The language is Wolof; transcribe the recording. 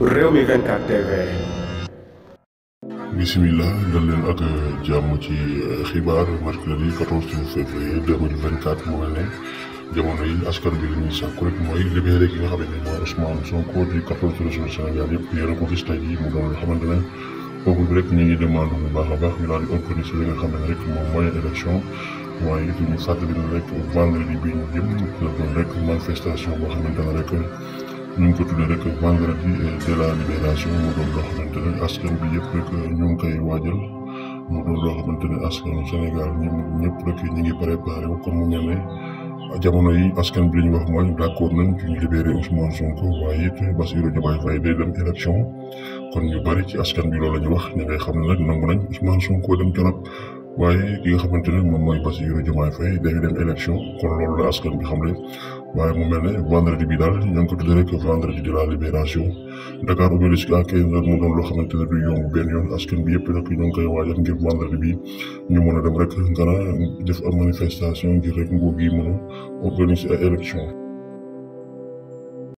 Rewmi 24 leen ak jàmm ci euh, xibaar mercredi 14 février 2024 askan bi la ñuy sàkku rek mooy libéré ki nga xam ne mooy Ousmane Sonko di 14 régions Sénégal yëpp ñu yore ko gis tey jii rek baax a baax li nga xam ne rek moom mooy élection. waaye it ñu rek vendredi bi ñu jëm la doon rek manifestation boo xamante ne rek. ñu ngi ko tuddee rek vendredi euh, de la libération mu doon loo xamante ne askan bi yëpp rek euh, ñu ngi koy waajal mu doon loo xamante ne askanu Sénégal ñoom ñëpp rek ñu ngi préparé wu comme mu mel yi askan bi li ñu wax mooy d' nañ ci ñu libéré Ousmane Sonko waaye it Bassirou Diomaye Faye élection kon ñu bari ci askan bi loolu la ñu wax ñu ngay xam ne nag nangu nañ Ousmane Sonko dem torop waaye ki nga xamante ne moom mooy Bassirou Diomaye Faye dañu dem élection kon loolu la askan bi xam ne waaye mu mel ne vendredi bi daal ñoo ngi ko tuddee rek vendredi de la libération Dakar Obélisque à 15 heures mu doon askan bi yëpp nag ñoo ngi koy waajal ngir vendredi bi ñu mën a dem rek ngara def ab manifestation ngir rek nguur gi mën a organiser